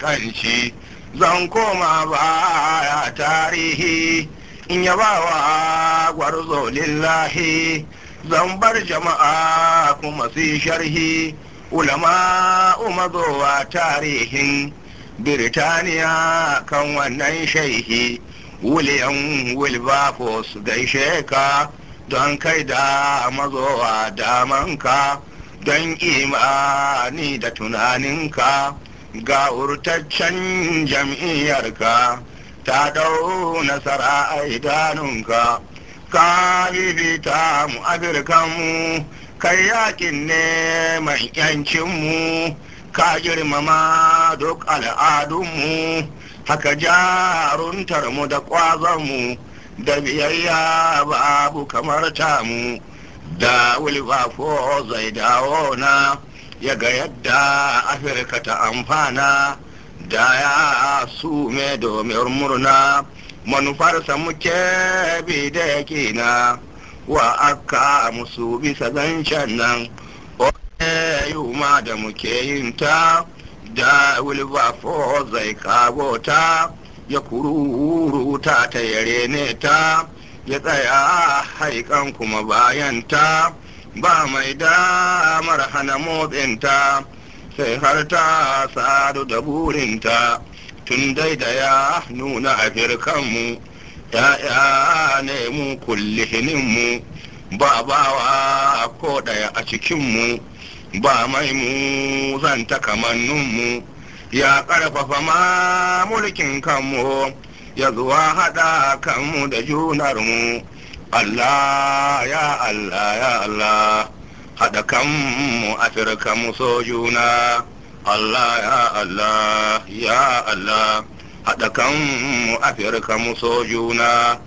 kanci zan koma baya tarihi in wa gwarzo lillahi zan bar jama'a kuma su sharhi ulama umazowa tarihin birtaniya kan wannan shaihi william wilberforce gaishe sheka don kai da mazowa damanka don imani da tunaninka ga wurtaccen jam'iyyarka ta ɗau nasara a idanunka ka bibita mu kai yakin ne mai yancinmu ka girmama duk al'adunmu haka jaruntarmu da ƙwazonmu da biyayya babu kamar tamu da wulfafo zai dawo na ya ga yadda afirka ta amfana da ya su me domin murna manufarsa muke bi da yake na wa aka musu bisa zancen nan yi ma da muke yin ta da wilbafo zai kago ta ya kururuta ta yare ne ta ya tsaya haikan kuma bayan ta ba mai damar hana motsinta sai har ta sadu da burinta tun dai da ya nuna a firkanmu ya'ya ne mu kullihininmu ba bawa ko ɗaya a cikinmu ba mai mu zanta kamanninmu ya ƙarfafa ma mulkin kanmu ya zuwa haɗa kanmu da junarmu Allah ya Allah ya Allah haɗa kanmu Afirka mu so juna Allah ya Allah ya Allah haɗa kanmu Afirka mu so juna